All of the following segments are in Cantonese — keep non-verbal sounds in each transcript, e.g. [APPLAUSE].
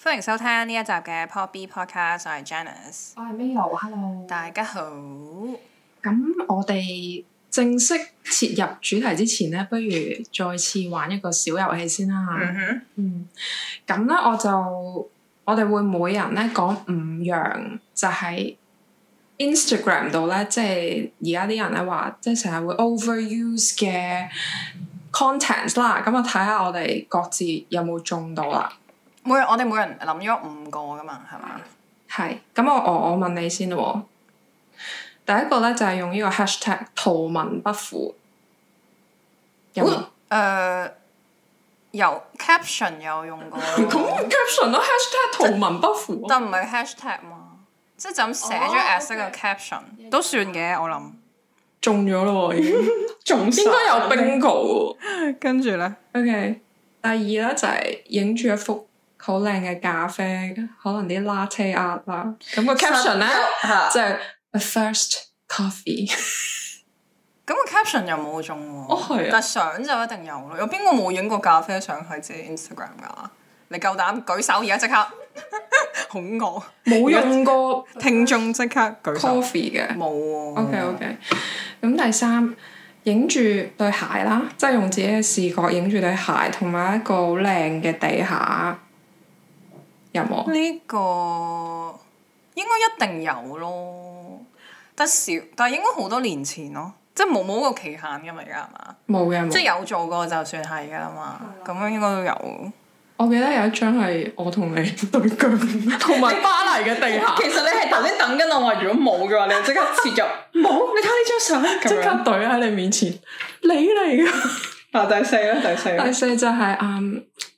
歡迎收聽呢一集嘅 Pop B Podcast，我係 Janice，我係 Milo，Hello，大家好。咁我哋正式切入主題之前咧，不如再次玩一個小遊戲先啦。嗯哼、mm，hmm。嗯，咁咧我就我哋會每人咧講五樣，就係、是、Instagram 度咧，即係而家啲人咧話，即係成日會 overuse 嘅 contents 啦。咁啊睇下我哋各自有冇中到啦。每我哋每人諗咗五個㗎嘛，係嘛？係，咁我我我問你先咯。第一個咧就係、是、用呢個 hashtag 圖文不符。有冇？誒、哦呃，有 caption 有用過。咁 [LAUGHS] caption 咯、啊、，hashtag 圖文不符、啊。但唔係 hashtag 嘛？即係就咁寫咗顏色嘅 caption 都算嘅，我諗。中咗咯，已經。 [LAUGHS] 中。應該有 bingo。 [LAUGHS] 跟住咧。OK，第二咧就係影住一幅。好靚嘅咖啡，可能啲 latte art 啦。咁個 caption 咧， [LAUGHS] 即係 the first coffee。咁 [LAUGHS] 個 caption 又冇中喎、啊，哦啊、但相就一定有咯。有邊個冇影過咖啡相去，自己 Instagram 噶？你夠膽舉手而家即刻恐我冇用過 [LAUGHS] 聽眾即刻舉 coffee 嘅的冇。 [LAUGHS] 啊、OK OK。咁第三影住對鞋啦，即係用自己嘅視覺影住對鞋，同埋一個好靚嘅地下。有冇呢個？應該一定有咯，得少，但係應該好多年前咯，即係冇冇個期限噶嘛而家係嘛？冇嘅、嗯，即係有做過就算係噶啦嘛，咁的樣應該都有。我記得有一張係我同你對腳，同埋巴黎嘅地下。 [LAUGHS] 其實你係頭先等緊我話，如果冇嘅話，你即刻切入。冇。 [LAUGHS] 你睇呢張相，即刻懟喺你面前。你嚟噶？嗱、啊，第四啦，第四。第四,第四就係、是、嗯。Um,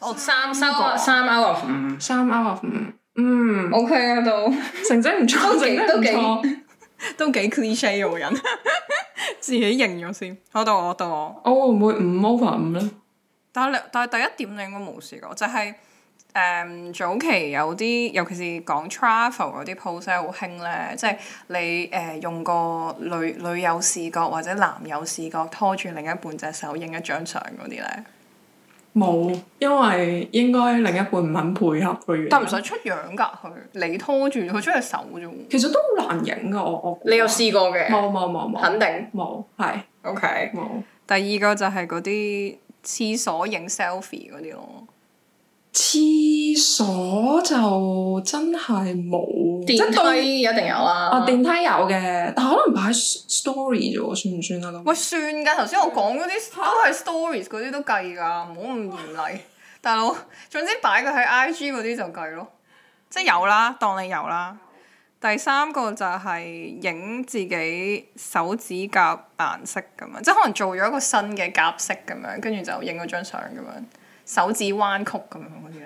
我、oh，三三三，個三 out of 五，三 out of 五、嗯，嗯，OK 啊都，成績唔錯，都幾挺都幾挺 [LAUGHS] 都幾 cliche 個人， [LAUGHS] 自己認咗先，我到我，我到我，我、oh，會唔會五 over 五咧？但係但係第一點你應該冇試過，就係、是、誒、嗯、早期有啲，尤其是講 travel 嗰啲 pose 好興咧，即、就、係、是、你誒、呃、用個女女友視角或者男友視角拖住另一半隻手影一張相嗰啲咧。冇，因為應該另一半唔肯配合佢。但唔想出樣㗎，佢你拖住佢出去搜啫喎。其實都好難影㗎，我我你有試過嘅？冇冇冇冇。肯定冇，係 OK 冇沒。第二個就係嗰啲廁所影 selfie 嗰啲咯。廁所就真係冇，電梯一定有啦，啊，啊電梯有嘅，但可能擺 story 啫喎，算唔算啊？喂，算噶！頭先我講嗰啲都係 stories 嗰啲都計噶，唔好咁嚴厲，啊、大佬。總之擺佢喺 IG 嗰啲就計咯，即係有啦，當你有啦。第三個就係影自己手指甲顏色咁樣，即係可能做咗一個新嘅甲色咁樣，跟住就影咗張相咁樣。手指彎曲咁樣嗰啲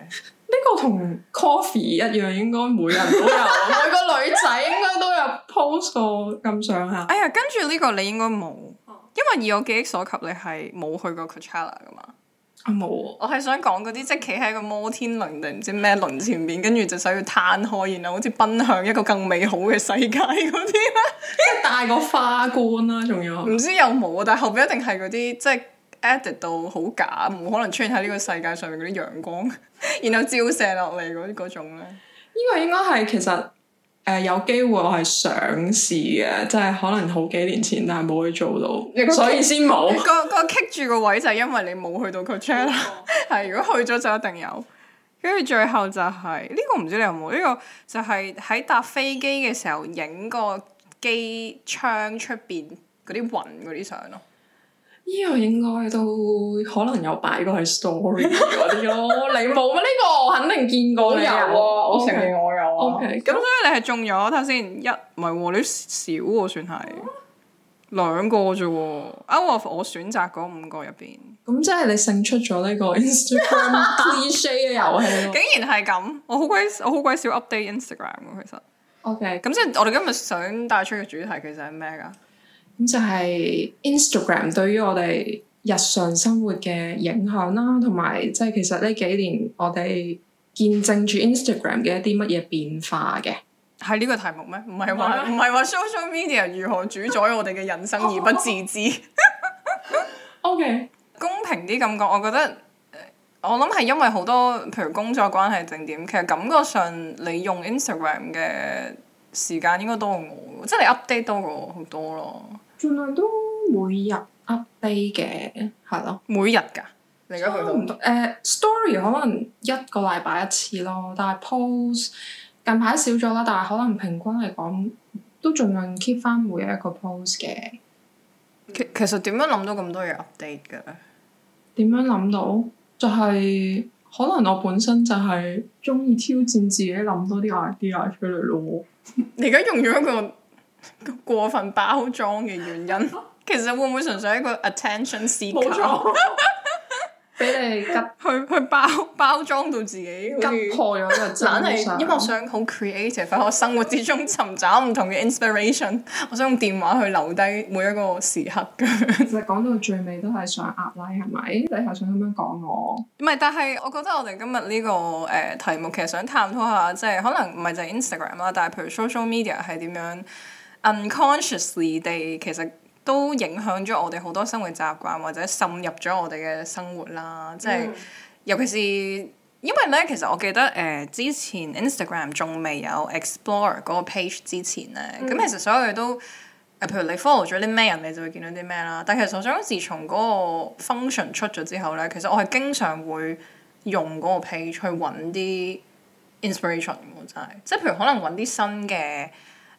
呢個同 coffee 一樣，應該每人都有， [LAUGHS] 我每個女仔應該都有 pose 咁上下。哎呀，跟住呢個你應該冇，因為以我記憶所及，你係冇去過 Coachella 噶嘛？啊冇，我係想講嗰啲即係企喺個摩天輪定唔知咩輪前面，跟住就想要攤開，然後好似奔向一個更美好嘅世界嗰啲咧。呢個戴個花冠啦，仲要，唔知有冇？但後邊一定係嗰啲即係。edited 到好假，唔可能出現喺呢個世界上面嗰啲陽光，然後照射落嚟嗰嗰種咧。呢個應該係其實誒、呃、有機會，我係想試嘅，即係可能好幾年前，但係冇去做到，個所以先冇。個個棘住個位就係因為你冇去到佢 channel 啦。係 [LAUGHS] 如果去咗就一定有。跟住最後就係、是、呢、這個唔知你有冇呢、這個，就係喺搭飛機嘅時候影個機窗出邊嗰啲雲嗰啲相咯。呢個應該都可能有擺過去 story 嗰啲咯。你冇咩？呢、這個我肯定見過都有喎、啊。Okay. 我承認我有。O K，咁所以你係中咗睇下先，一唔係、哦、你少喎、啊、算係、啊、兩個啫喎、啊。Out of 我選擇嗰五個入邊，咁即係你勝出咗呢個 Instagram T-shirt [LAUGHS] 嘅遊戲、啊、 [LAUGHS] 竟然係咁，我好鬼我好鬼少 update Instagram 嘅，其實。O K，咁即係我哋今日想帶出嘅主題其實係咩㗎？咁就係 Instagram 對於我哋日常生活嘅影響啦、啊，同埋即係其實呢幾年我哋見證住 Instagram 嘅一啲乜嘢變化嘅，係呢個題目咩？唔係話唔係話 social media 如何主宰我哋嘅人生而不自知？OK，公平啲感覺，我覺得我諗係因為好多譬如工作關係定點，其實感覺上你用 Instagram 嘅時間應該多過我，即係你 update 多過我好多咯。盡量都每日 update 嘅，係咯，每日噶，你而家去唔誒 story 可能一個禮拜一次咯，但係 post 近排少咗啦，但係可能平均嚟講都盡量 keep 翻每日一個 post 嘅。其，其實點樣諗到咁多嘢 update 嘅？點樣諗到？就係可能我本身就係中意挑戰自己，諗多啲 idea 出嚟咯。你而家用咗一個。過分包裝嘅原因，其實會唔會純粹一個 attention seeking，俾錯 [LAUGHS] 你 [LAUGHS] 去去包包裝到自己，破咗就真係。 [LAUGHS] 因為我想好 creative，喺 [LAUGHS] 我生活之中尋找唔同嘅 inspiration。我想用電話去留低每一個時刻嘅。 [LAUGHS] 其實講到最尾都係想㩒 like，係咪？你係想咁樣講我？唔係，但係我覺得我哋今日呢、這個誒、呃、題目，其實想探討下，即係可能唔係就係 Instagram 啦，但係譬如 social media 係點樣？unconsciously 地，其實都影響咗我哋好多生活習慣，或者滲入咗我哋嘅生活啦。即係，嗯、尤其是因為咧，其實我記得誒、呃、之前 Instagram 仲未有 Explore 嗰個 page 之前咧，咁、嗯、其實所有嘢都誒、呃，譬如你 follow 咗啲咩人，你就會見到啲咩啦。但其實我想自從嗰個 function 出咗之後咧，其實我係經常會用嗰個 page 去揾啲 inspiration。真係，即係譬如可能揾啲新嘅。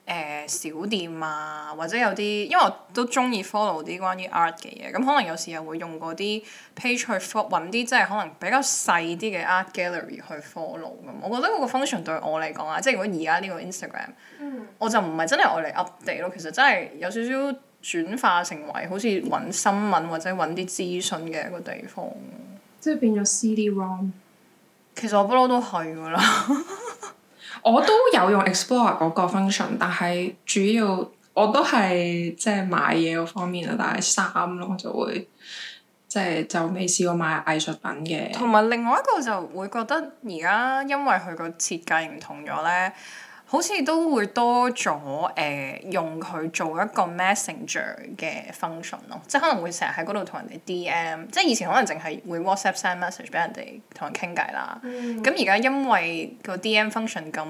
誒、呃、小店啊，或者有啲，因為我都中意 follow 啲關於 art 嘅嘢，咁可能有時候又會用嗰啲 page 去 follow，揾啲即係可能比較細啲嘅 art gallery 去 follow 咁。我覺得嗰個 function 對我嚟講啊，即係如果而家呢個 Instagram、嗯、我就唔係真係愛嚟 update 咯。其實真係有少少轉化成為好似揾新聞或者揾啲資訊嘅一個地方，即係變咗 CD ROM，其實我不嬲都係㗎啦。 [LAUGHS] 我都有用 Explore 嗰個 function，但係主要我都係即係買嘢嗰方面啊，但係衫咯我就會即係就未試過買藝術品嘅。同埋另外一個就會覺得而家因為佢個設計唔同咗咧。好似都會多咗誒、呃，用佢做一個 messenger 嘅 function 咯，即係可能會成日喺嗰度同人哋 DM、嗯、即係以前可能淨係會 WhatsApp send message 俾人哋同人傾偈啦。咁而家因為個 DM function 咁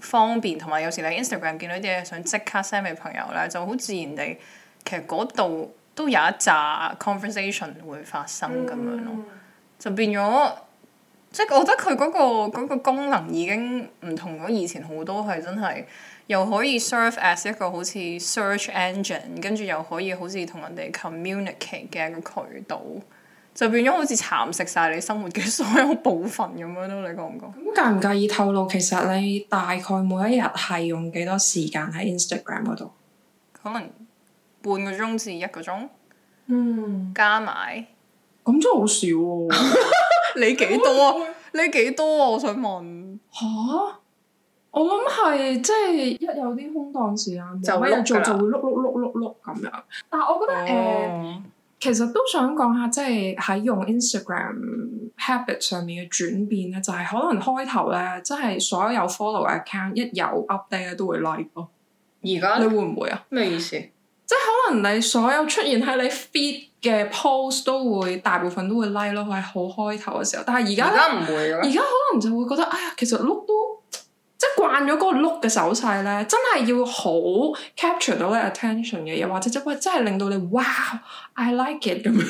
方便，同埋有時你 Instagram 見到啲嘢想即刻 send 俾朋友咧，就好自然地，其實嗰度都有一紮 conversation 會發生咁樣咯。嗯、就變咗。即係我覺得佢嗰、嗰個、嗰個功能已經唔同咗以前好多，係真係又可以 serve as 一個好似 search engine，跟住又可以好似同人哋 communicate 嘅一個渠道，就變咗好似蠶食晒你生活嘅所有部分咁樣咯。你講唔講咁，介唔介意透露，其實你大概每一日係用幾多時間喺 Instagram 度？可能半個鐘至一個鐘，嗯，加埋咁真係好少、啊。 [LAUGHS] 你幾多啊？你幾多啊？我想問。嚇、啊！我諗係即係一有啲空檔時間，就喺度做就會碌碌碌碌碌咁樣。但係我覺得誒、哦呃，其實都想講下，即係喺用 Instagram habit 上面嘅轉變咧，就係、是、可能開頭咧，即係所有有 follow 嘅 account 一有 update 咧都會 like 咯。而家你會唔會啊？咩意思？即係可能你所有出現喺你 feed 嘅 post 都會大部分都會 like 咯，係好開頭嘅時候。但係而家咧，而家可能就會覺得，哎呀，其實碌都即係慣咗嗰個碌嘅手勢咧，真係要好 capture 到你 attention 嘅嘢，或者即係真係令到你，哇、wow，I like it 咁樣，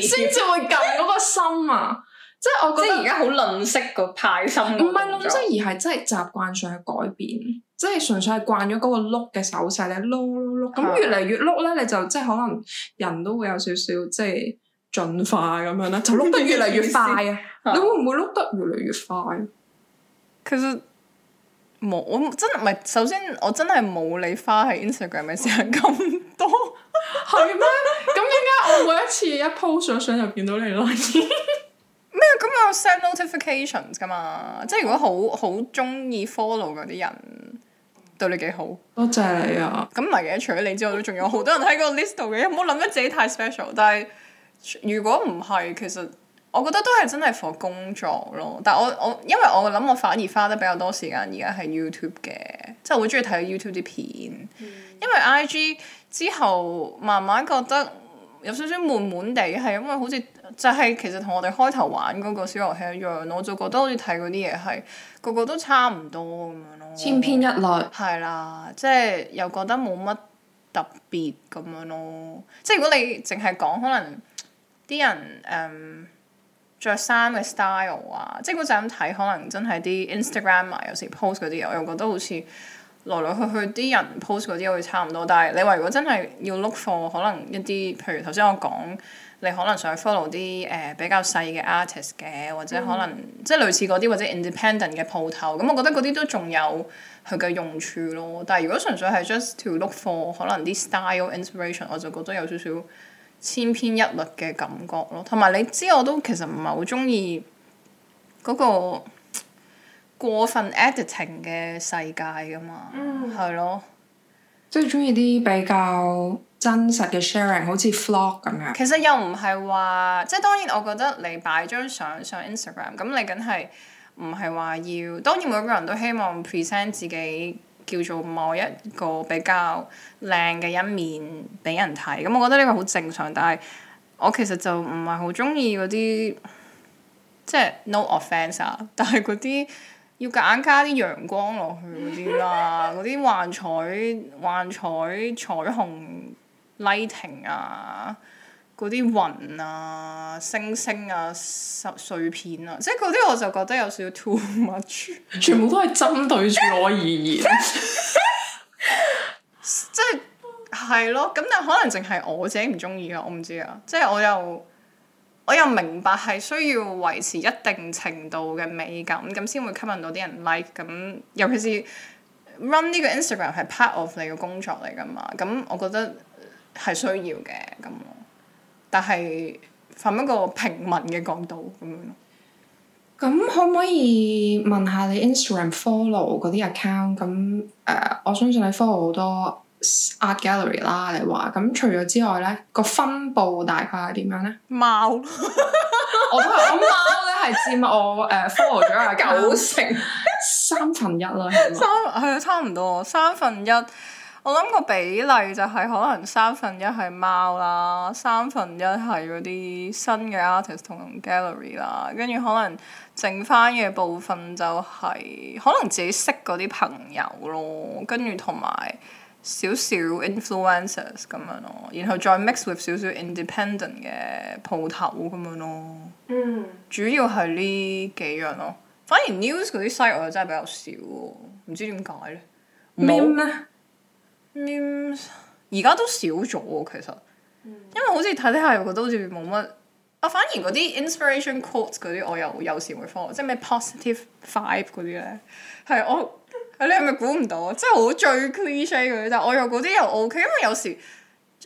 先 [LAUGHS] 至會撳嗰個心啊！ [LAUGHS] 即係我覺得而家好吝惜個派心，唔係吝惜而係真係習慣上去改變。即係純粹係慣咗嗰個碌嘅手勢咧，碌碌碌，咁越嚟越碌咧，你就即係可能人都會有少少即係盡快，咁樣啦，嗯、就碌得越嚟越快啊！你會唔會碌得越嚟越快？其實冇，我真唔係。首先，我真係冇你花喺 Instagram 嘅時間咁多，係 [LAUGHS] 咩？咁點解我每一次一 post 相就見到你咯？咩？ [LAUGHS] 咁我 send notifications 噶嘛？即係如果好好中意 follow 嗰啲人。對你幾好，多謝你啊！咁唔係嘅，除咗你之外，都仲有好多人喺個 list 度嘅，唔好諗得自己太 special。但係如果唔係，其實我覺得都係真係 for 工作咯。但係我我因為我諗我反而花得比較多時間，而家係 YouTube 嘅，即係好中意睇 YouTube 啲片。嗯、因為 IG 之後慢慢覺得。有少少悶悶地，係因為好似就係其實同我哋開頭玩嗰個小遊戲一樣，我就覺得好似睇嗰啲嘢係個個都差唔多咁樣咯，千篇一律。係啦，即係又覺得冇乜特別咁樣咯。即係如果你淨係講可能啲人誒著衫嘅 style 啊，即係我就咁睇，可能真係啲 Instagram 啊，有時 post 嗰啲嘢，我又覺得好似。來來去去啲人 post 嗰啲會差唔多，但係你話如果真係要 look for，可能一啲譬如頭先我講，你可能想 follow 啲誒、呃、比較細嘅 artist 嘅，或者可能、嗯、即係類似嗰啲或者 independent 嘅鋪頭，咁我覺得嗰啲都仲有佢嘅用處咯。但係如果純粹係 just to look for，可能啲 style inspiration 我就覺得有少少千篇一律嘅感覺咯。同埋你知我都其實唔係好中意嗰個。過分 editing 嘅世界噶嘛，嗯，係咯，即係中意啲比較真實嘅 sharing，好似 vlog 咁樣。其實又唔係話，即係當然我覺得你擺張相上 Instagram，咁你梗係唔係話要？當然每個人都希望 present 自己叫做某一個比較靚嘅一面俾人睇。咁我覺得呢個好正常，但係我其實就唔係好中意嗰啲，即係 no offense 啊，但係嗰啲。要夾硬加啲陽光落去嗰啲啦，嗰啲 [LAUGHS] 幻彩、幻彩彩虹 lighting 啊，嗰啲雲啊、星星啊、碎碎片啊，即係嗰啲我就覺得有少少 too much，全部都係針對住我而言，即係係咯，咁但係可能淨係我自己唔中意啊，我唔知啊，即係我又。我又明白係需要維持一定程度嘅美感，咁先會吸引到啲人 like。咁尤其是 run 呢個 Instagram 係 part of 你嘅工作嚟㗎嘛，咁我覺得係需要嘅咁。但係從一個平民嘅角度咁樣，咁可唔可以問下你 Instagram follow 嗰啲 account？咁誒，uh，我相信你 follow 好多。Art gallery 啦你話，咁除咗之外咧，那個分布大概係點樣咧？貓貓， [LAUGHS] 我都係諗貓咧係佔我誒、呃、 [LAUGHS] follow 咗係九成三分一啦，係嘛？ [LAUGHS] 三係差唔多，三分一。我諗個比例就係可能三分一係貓啦，三分一係嗰啲新嘅 artist 同 gallery 啦，跟住可能剩翻嘅部分就係可能自己識嗰啲朋友咯，跟住同埋。少少 influencers 咁樣咯，然後再 mix with 少少 independent 嘅鋪頭咁樣咯。嗯，主要係呢幾樣咯。反而 news 嗰啲 site 我又真係比較少喎，唔知點解咧？Mims，Mims 而家都少咗喎，其實。嗯。因為好似睇睇下又覺得好似冇乜，啊反而嗰啲 inspiration quotes 嗰啲我又有時會 follow，即係咩 positive vibe 嗰啲咧，係我。你係咪估唔到？即係好最 cliche 嗰啲，但我又嗰啲又 OK，因為有時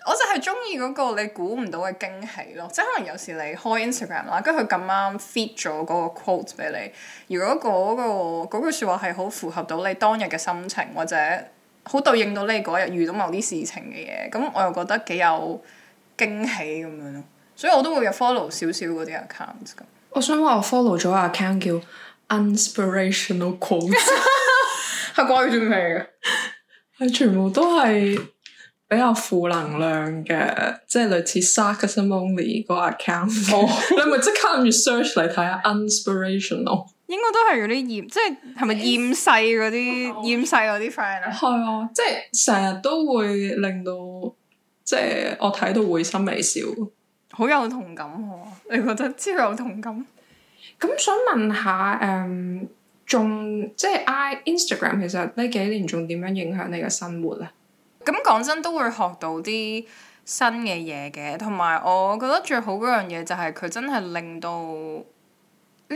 我就係中意嗰個你估唔到嘅驚喜咯。即係可能有時你開 Instagram 啦，跟住佢咁啱 fit 咗嗰個 quotes 俾你。如果嗰、嗰個嗰句説話係好符合到你當日嘅心情，或者好對應到你嗰日遇到某啲事情嘅嘢，咁我又覺得幾有驚喜咁樣咯。所以我都會有 follow 少少嗰啲 account 咁。我想話我 follow 咗 account 叫 inspirational Quotes。係怪轉皮嘅，係 [LAUGHS] 全部都係比較負能量嘅，即係類似 sarcasm only 嗰個 account。Oh. [LAUGHS] [LAUGHS] 你咪即刻 research 嚟睇下, unspirational 應該都係嗰啲厭，即係係咪厭世嗰啲厭世嗰啲 friend 啊？係啊，即係成日都會令到，即係我睇到會心微笑，好有同感喎。哦！你覺得超有同感？咁想問下誒。Um, 仲即係 I Instagram，其實呢幾年仲點樣影響你嘅生活咧？咁講真都會學到啲新嘅嘢嘅，同埋我覺得最好嗰樣嘢就係佢真係令到呢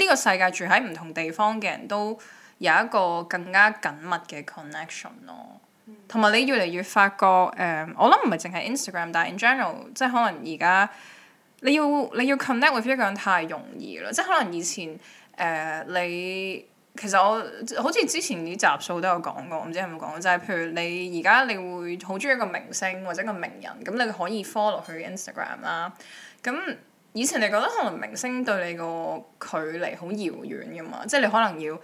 個世界住喺唔同地方嘅人都有一個更加緊密嘅 connection 咯。同埋、mm hmm. 你越嚟越發覺，誒、呃、我諗唔係淨係 Instagram，但係 in general 即係可能而家你要你要 connect with 一個人太容易啦。即係可能以前誒、呃、你。其實我好似之前啲集數都有講過，唔知有冇講，就係、是、譬如你而家你會好中意一個明星或者一個名人，咁你可以 follow 佢嘅 Instagram 啦。咁以前你覺得可能明星對你個距離好遙遠嘅嘛，即係你可能要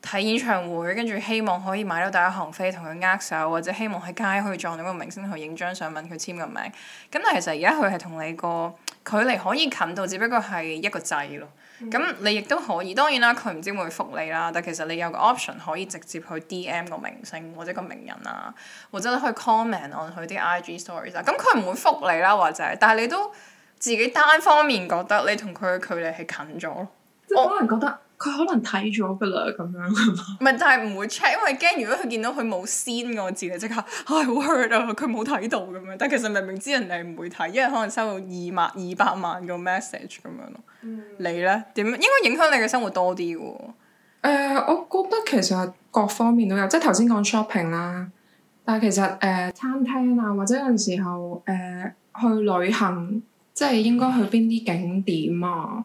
睇演唱會，跟住希望可以買到第一行飛同佢握手，或者希望喺街可以撞到個明星去影張相問佢簽個名。咁但係其實而家佢係同你個距離可以近到，只不過係一個掣咯。咁你亦都可以，當然啦，佢唔知會唔會復你啦。但其實你有個 option 可以直接去 DM 個明星或者個名人啊，或者可以 comment on 佢啲 IG stories 啊。咁佢唔會復你啦，或者，但係你都自己單方面覺得你同佢嘅距離係近咗，即係可能覺得。佢可能睇咗噶啦，咁樣啊嘛，唔係就係唔會 check，因為驚如果佢見到佢冇 send 個字你即刻唉好 hurt 啊！佢冇睇到咁樣，但其實明明知人哋唔會睇，因為可能收到二萬二百萬個 message 咁樣咯。嗯、你咧點？應該影響你嘅生活多啲嘅喎。誒、我覺得其實各方面都有，即係頭先講 shopping 啦，但係其實誒、呃、餐廳啊，或者有陣時候誒、呃、去旅行，即係應該去邊啲景點啊？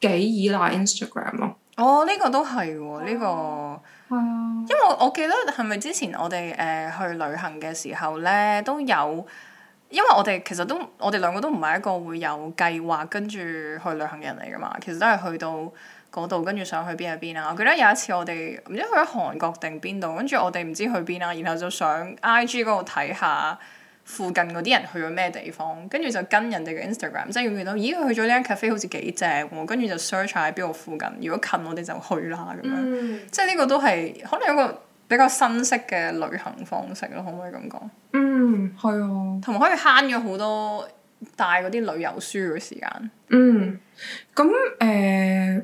幾依賴 Instagram 咯？哦，呢個都係喎，呢個係啊。因為我我記得係咪之前我哋誒、呃、去旅行嘅時候咧都有，因為我哋其實都我哋兩個都唔係一個會有計劃跟住去旅行嘅人嚟噶嘛。其實都係去到嗰度跟住想去邊就邊啊。我記得有一次我哋唔知去咗韓國定邊度，跟住我哋唔知去邊啊，然後就上 IG 嗰度睇下。附近嗰啲人去咗咩地方，跟住就跟人哋嘅 Instagram，即係見到咦，佢去咗呢間 cafe 好似幾正，跟住就 search 下喺邊度附近。如果近，我哋就去啦，咁樣。嗯、即係呢個都係可能有個比較新式嘅旅行方式咯，可唔可以咁講？嗯，係啊、哦，同埋可以慳咗好多帶嗰啲旅遊書嘅時間。嗯，咁誒、呃，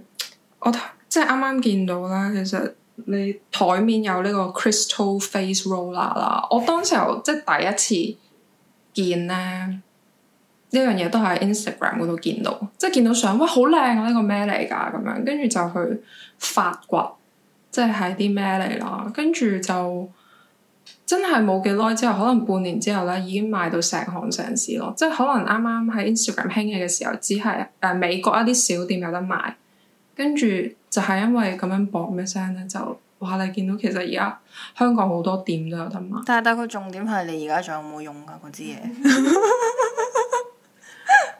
我即係啱啱見到啦，其實你台面有呢個 Crystal Face Roller 啦，我當時候即係第一次。見咧呢樣嘢都喺 Instagram 嗰度見到，即係見到相，哇，好靚啊！呢個咩嚟㗎？咁樣跟住就去發掘，即係係啲咩嚟咯？跟住就真係冇幾耐之後，可能半年之後咧，已經賣到成行成市咯。即係可能啱啱喺 Instagram 興起嘅時候，只係誒、呃、美國一啲小店有得賣，跟住就係因為咁樣播咩聲咧就。哇！你見到其實而家香港好多店都有得買。但係，但係重點係你而家仲有冇用㗎嗰支嘢？ [LAUGHS] [LAUGHS]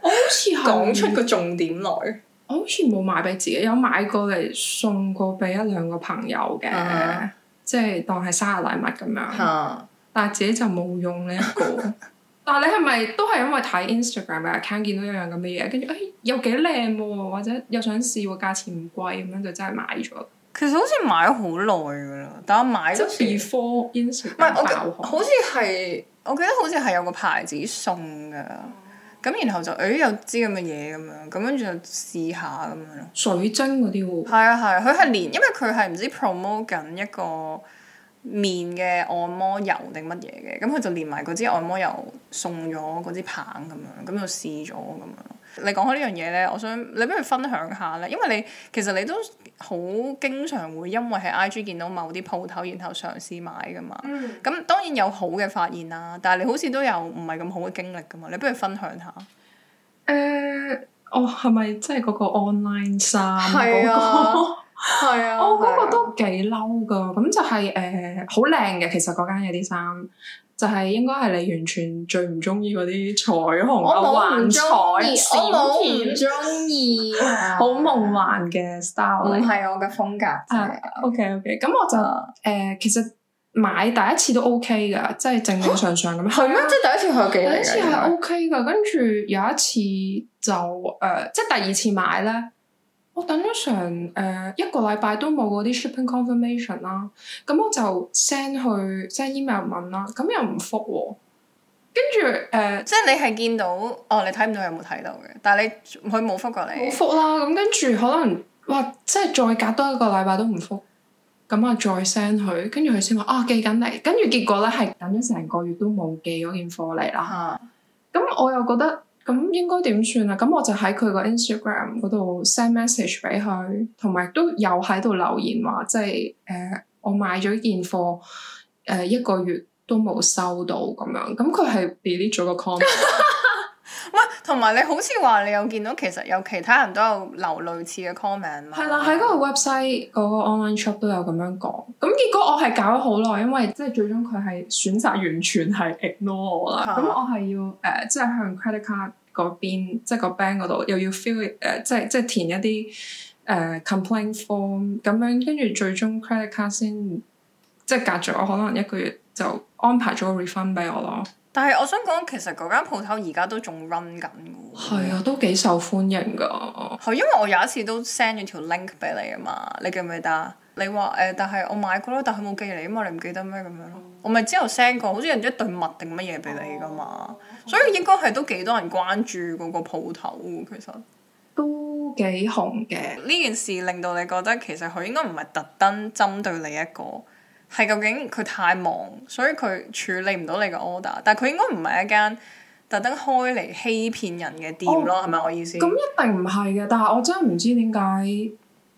我好似講出個重點來。我好似冇買俾自己，有買過嚟送過俾一兩個朋友嘅，uh huh. 即係當係生日禮物咁樣。Uh huh. 但係自己就冇用呢、這、一個。 [LAUGHS] 但係你係咪都係因為睇 Instagram 嘅 account 見到一樣咁嘅嘢，跟住誒又幾靚，或者又想試喎，價錢唔貴咁樣就真係買咗。其實好似買咗好耐噶啦，但我買咗唔係我，好似係我記得好似係有個牌子送噶，咁、嗯、然後就誒、欸、有支咁嘅嘢咁樣，咁跟住就試下咁樣咯。水晶嗰啲喎，係啊係啊，佢係連，因為佢係唔知 promote 緊一個面嘅按摩油定乜嘢嘅，咁佢就連埋嗰支按摩油送咗嗰支棒咁樣，咁就試咗咁樣。你講開呢樣嘢咧，我想你不如分享下咧，因為你其實你都好經常會因為喺 IG 見到某啲鋪頭，然後嘗試買噶嘛。咁、嗯、當然有好嘅發現啦，但係你好似都有唔係咁好嘅經歷噶嘛，你不如分享下。誒、呃，哦，係咪即係嗰個 online 衫、那個？係啊。 [LAUGHS] 係啊，我嗰個都幾嬲噶，咁就係誒好靚嘅。其實嗰間有啲衫，就係、是、應該係你完全最唔中意嗰啲彩虹啊，幻彩閃，我冇唔中意，好夢幻嘅 style，唔係我嘅風格。係、啊、，OK OK。咁我就誒、呃，其實買第一次都 OK 噶，即係正正常常咁樣，係咩？即係第一次去幾第一次係 OK 噶。跟住有一次就誒、呃，即係第,第,第二次買咧。我等咗成誒一個禮拜都冇嗰啲 shipping confirmation 啦，咁我就 send 去 send email 問啦，咁又唔覆喎。跟住誒，呃、即係你係見到，哦，你睇唔到有冇睇到嘅，但係你佢冇覆過你。冇覆啦，咁跟住可能，哇，即係再隔多一個禮拜都唔覆，咁啊再 send 佢，跟、哦、住佢先話啊寄緊嚟，跟住結果咧係等咗成個月都冇寄嗰件貨嚟啦。咁、嗯、我又覺得。咁應該點算啊？咁我就喺佢個 Instagram 嗰度 send message 俾佢，同埋都有喺度留言話，即係誒、呃、我買咗件貨誒、呃、一個月都冇收到咁樣，咁佢係 delete 咗個 comment。 [LAUGHS] 喂，同埋你好似話你有見到其實有其他人都有留類似嘅 comment 嘛？係啦，喺嗰個 website 嗰個 online shop 都有咁樣講。咁結果我係搞咗好耐，因為即係最終佢係選擇完全係 ignore 我啦。咁、啊、我係要誒，即、呃、係、就是、向 credit card 嗰邊，即、就、係、是、個 bank 嗰度，又要 fill 誒、呃，即係即係填一啲誒、呃、complaint form 咁樣，跟住最終 credit card 先即係隔咗，可能一個月就安排咗個 refund 俾我咯。但係我想講，其實嗰間鋪頭而家都仲 run 緊嘅喎。係啊、嗯，都幾受歡迎㗎。係 [MUSIC] 因為我有一次都 send 咗條 link 俾你啊嘛，你記唔記得？你話誒、呃，但係我買過啦，但係冇寄嚟啊嘛，你唔記得咩咁樣咯？嗯、我咪之後 send 過，好似係一對襪定乜嘢俾你㗎嘛。嗯、所以應該係都幾多人關注嗰個鋪頭，其實都幾紅嘅。呢件事令到你覺得其實佢應該唔係特登針對你一個。係究竟佢太忙，所以佢處理唔到你個 order。但係佢應該唔係一間特登開嚟欺騙人嘅店咯，係咪、哦、我意思？咁一定唔係嘅，但係我真係唔知點解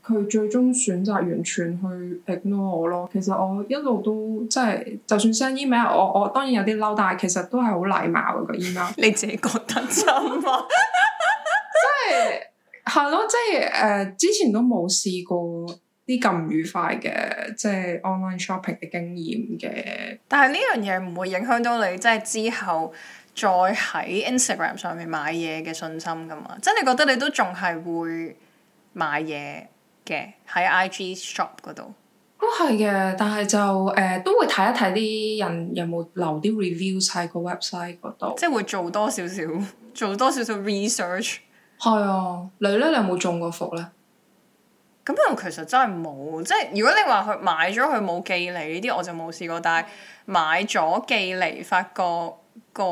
佢最終選擇完全去 ignore 我咯。其實我一路都即係，就算 send email，我我當然有啲嬲，但係其實都係好禮貌嘅 email。你自己覺得真啊？ [LAUGHS] 即係係咯，即係誒，之前都冇試過。啲咁唔愉快嘅，即係 online shopping 嘅經驗嘅。但係呢樣嘢唔會影響到你，即係之後再喺 Instagram 上面買嘢嘅信心噶嘛？即係你覺得你都仲係會買嘢嘅喺 IG shop 嗰度都係嘅。但係就誒、呃、都會睇一睇啲人有冇留啲 review 喺個 website 度，即係會做多少少做多少少 research。係啊，你咧你有冇中過伏咧？咁其實真係冇，即係如果你話佢買咗佢冇寄嚟呢啲我就冇試過，但係買咗寄嚟，發覺、個誒、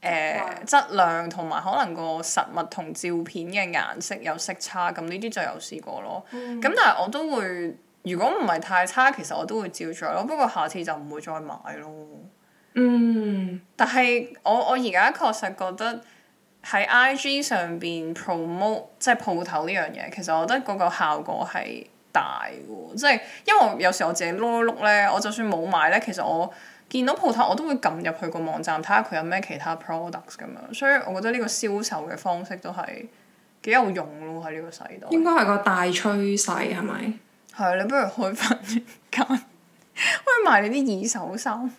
呃、哇質量同埋可能個實物同照片嘅顏色有色差，咁呢啲就有試過咯。咁、嗯、但係我都會，如果唔係太差，其實我都會照住咯。不過下次就唔會再買咯。嗯，但係我我而家確實覺得，喺 IG 上面 promote 即係鋪頭呢樣嘢，其實我覺得嗰個效果係大喎，即係因為我有時我自己 look 咧，我就算冇買咧，其實我見到鋪頭我都會撳入去個網站睇下佢有咩其他 products 咁樣，所以我覺得呢個銷售嘅方式都係幾有用咯喺呢個世度。應該係個大趨勢係咪？係。 [LAUGHS] [LAUGHS] [LAUGHS] 你不如開翻間，賣你啲二手衫。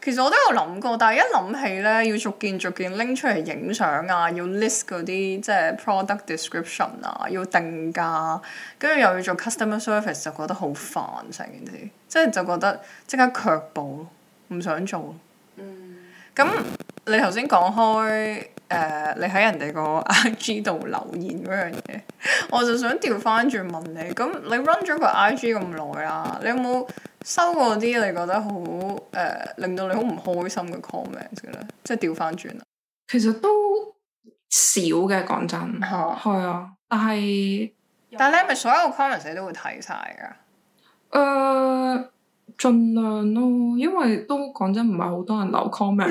其實我都有諗過，但係一諗起咧，要逐件逐件拎出嚟影相啊，要 list 嗰啲即係 product description 啊，要定價，跟住又要做 customer service，就覺得好煩成件事，即係就覺得即刻卻步，唔想做。嗯。咁你頭先講開誒、呃，你喺人哋個 IG 度留言嗰樣嘢，我就想調返轉問你，咁你 run 咗個 IG 咁耐啦，你有冇？收過啲你覺得好誒、呃，令到你好唔開心嘅 comment 咧，即係調翻轉啊？其實都少嘅，講真吓，係 [LAUGHS] 啊，啊。但係但係咧，咪所有 comment 你都會睇晒噶？誒、呃，盡量咯，因為都講真唔係好多人留 comment，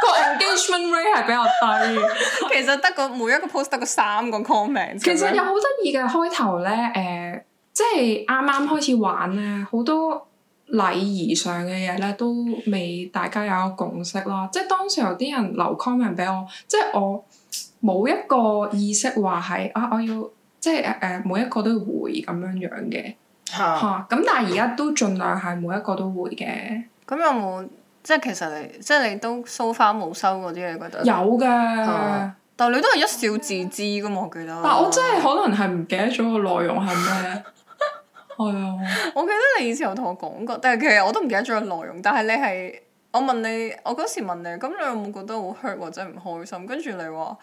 個 engagement rate 係比較低。其實得個每一個 post 得個三個 comment。其實有好得意嘅開頭咧，誒。呃即係啱啱開始玩咧，好多禮儀上嘅嘢咧都未大家有個共識咯。即係當時候啲人留 comment 俾我，即係我冇一個意識話係啊，我要即係誒誒每一個都要回咁樣樣嘅嚇。咁但係而家都盡量係每一個都會嘅。咁、嗯、有冇即係其實你即係你都收翻冇收嗰啲？你覺得你有㗎的、啊，但係你都係一笑置之噶，我記得，但係我真係可能係唔記得咗個內容係咩。 [LAUGHS] 係啊， [LAUGHS] 我記得你以前有同我講過，但係其實我都唔記得咗個內容。但係你係我問你，我嗰時問你，咁你有冇覺得好 hurt 或者唔開心？跟住你話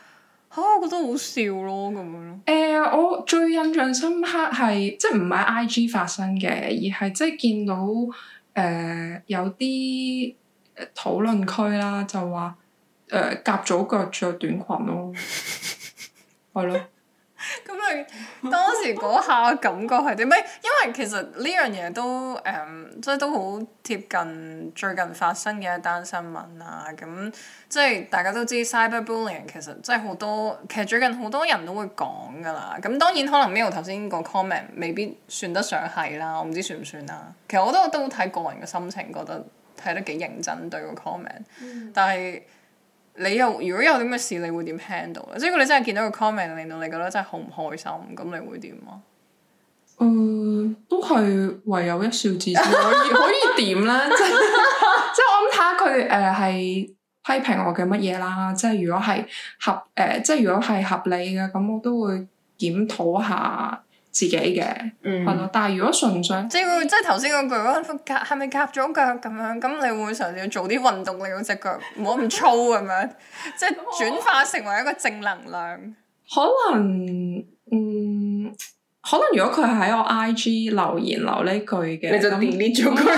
嚇、啊，我覺得好笑咯咁樣咯。誒、呃，我最印象深刻係即係唔係 IG 發生嘅，而係即係見到誒、呃、有啲討論區啦，就話誒、呃、夾咗腳着短裙咯，係咯。 [LAUGHS] [LAUGHS] [LAUGHS] 咁你 [LAUGHS] 當時嗰下感覺係點咩？因為其實呢樣嘢都誒、嗯，即係都好貼近最近發生嘅一單新聞啊。咁、嗯、即係大家都知 cyberbullying 其實即係好多，其實最近好多人都會講㗎喇。咁當然可能 Mayo 頭先個 comment 未必算得上係啦，我唔知算唔算啦。其實我都我都睇個人嘅心情，覺得睇得幾認真對個 comment、嗯、但係。你又如果有啲咩事，你會點 handle 咧？即係如果你真係見到個 comment 令到你覺得真係好唔開心，咁你會點啊？嗯、呃，都係唯有一笑置之 [LAUGHS] 可以可以點、呃、啦。即係即係我咁睇下佢誒係批評我嘅乜嘢啦。即係如果係合誒，即係如果係合理嘅，咁我都會檢討下。自己嘅，係咯、嗯，但係如果純粹，嗯、即係即係頭先嗰句咯，佢係咪夾咗腳咁樣？咁你會唔會嘗試做啲運動，你到隻腳唔好咁粗咁樣？即係轉化成為一個正能量。 [LAUGHS] 可能，嗯，可能如果佢喺我 IG 留言留呢句嘅，你就 delete 咗佢。可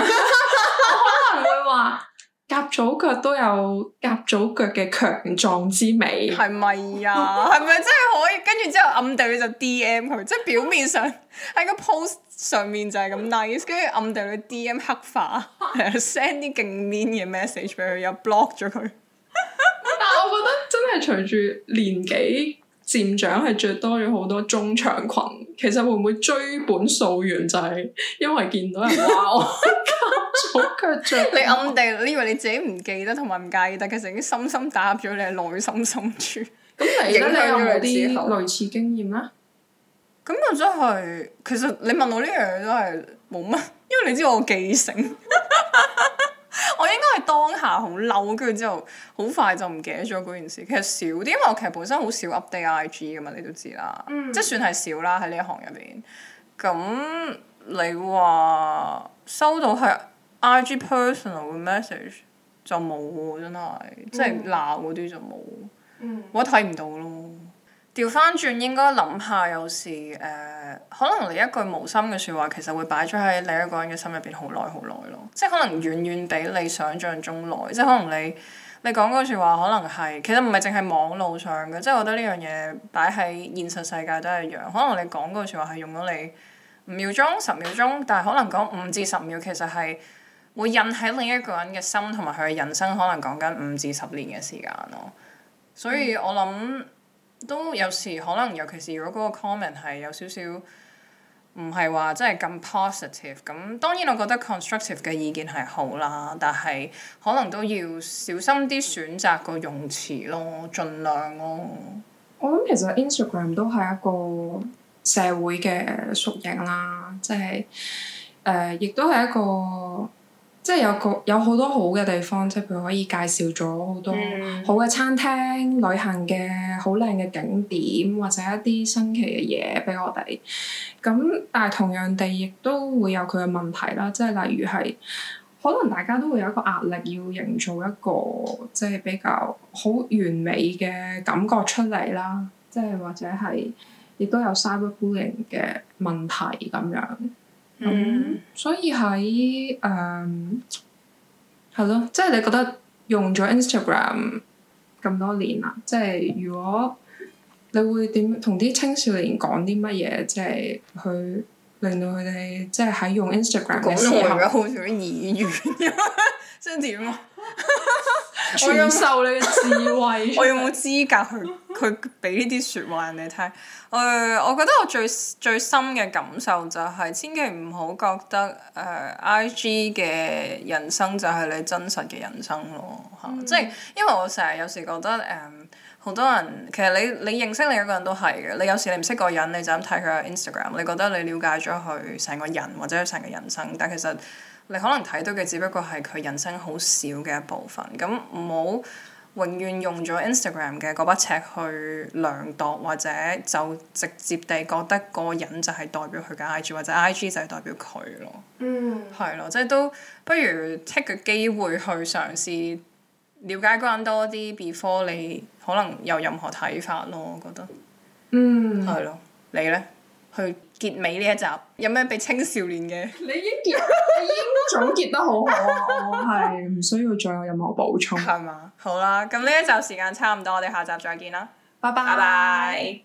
能會話。夾咗腳都有夾咗腳嘅強壯之美 [LAUGHS] 是是，係咪啊？係咪真係可以？跟住之後暗地裏就 D M 佢，即係表面上喺個 post 上面就係咁 nice，跟住暗地裏 D M 黑化 [LAUGHS] ，send 啲勁 mean 嘅 message 俾佢，又 block 咗佢。 [LAUGHS] 但係我覺得真係隨住年紀漸長，係着多咗好多中長裙。其實會唔會追本溯源就係因為見到人話我？ [LAUGHS] [LAUGHS] [LAUGHS] 你暗地你以為你自己唔記得同埋唔介意，但係其實已經深深打入咗你嘅內心深處咁，影響你之後你有有類似經驗啦。咁就真係其實你問我呢樣嘢都係冇乜，因為你知道我記性 [LAUGHS] [LAUGHS] 我應該係當下好嬲，跟住之後好快就唔記得咗嗰件事。其實少啲，因為我其實本身好少 update IG 噶嘛，你都知啦，嗯、即係算係少啦喺呢一行入邊。咁你話收到係？I.G personal 嘅 message 就冇喎，真係，嗯、即係鬧嗰啲就冇，嗯、我睇唔到咯。調翻轉應該諗下，有時誒、呃，可能你一句無心嘅説話，其實會擺咗喺另一個人嘅心入邊好耐好耐咯。即係可能遠遠比你想像中耐，即係可能你你講嗰句説話可能係其實唔係淨係網絡上嘅，即係我覺得呢樣嘢擺喺現實世界都係一樣。可能你講嗰句説話係用咗你五秒鐘十秒鐘，但係可能講五至十秒其實係。會印喺另一個人嘅心，同埋佢嘅人生，可能講緊五至十年嘅時間咯。所以、嗯、我諗都有時可能，尤其是如果嗰個 comment 係有少少唔係話真係咁 positive，咁當然我覺得 constructive 嘅意見係好啦，但係可能都要小心啲選擇個用詞咯，盡量咯。我諗其實 Instagram 都係一個社會嘅縮影啦，即係誒，亦都係一個。即係有個有好多好嘅地方，即係佢可以介紹咗好多好嘅餐廳、旅行嘅好靚嘅景點，或者一啲新奇嘅嘢俾我哋。咁但係同樣地，亦都會有佢嘅問題啦。即係例如係，可能大家都會有一個壓力，要營造一個即係比較好完美嘅感覺出嚟啦。即係或者係，亦都有 cyberbullying 嘅問題咁樣。嗯，嗯，所以喺，誒，係咯，即係你覺得用咗 Instagram 咁多年啦，即係如果你會點同啲青少年講啲乜嘢，即係去令到佢哋即係喺用 Instagram 嗰度而家好想耳語即係點啊？ [LAUGHS] 我要受你嘅智慧，我有冇資格去去俾呢啲說話人哋聽？誒， [LAUGHS] [LAUGHS] 我覺得我最最深嘅感受就係，千祈唔好覺得誒、uh,，IG 嘅人生就係你真實嘅人生咯。吓，即係因為我成日有時覺得誒，好、um, 多人其實你你認識另一個人都係嘅，你有時你唔識個人你就咁睇佢個 Instagram，你覺得你了解咗佢成個人或者成個人生，但其實。你可能睇到嘅只不過係佢人生好少嘅一部分，咁唔好永遠用咗 Instagram 嘅嗰把尺去量度，或者就直接地覺得個人就係代表佢嘅 IG，或者 IG 就係代表佢咯。嗯，係咯，即係都不如 take 個機會去嘗試了解返多啲，before 你可能有任何睇法咯。我覺得嗯係咯，你咧去。結尾呢一集有咩俾青少年嘅？你已經結，你已經總結得好好， [LAUGHS] 我係唔需要再有任何補充，係嘛？好啦，咁呢一集時間差唔多，我哋下集再見啦，拜拜。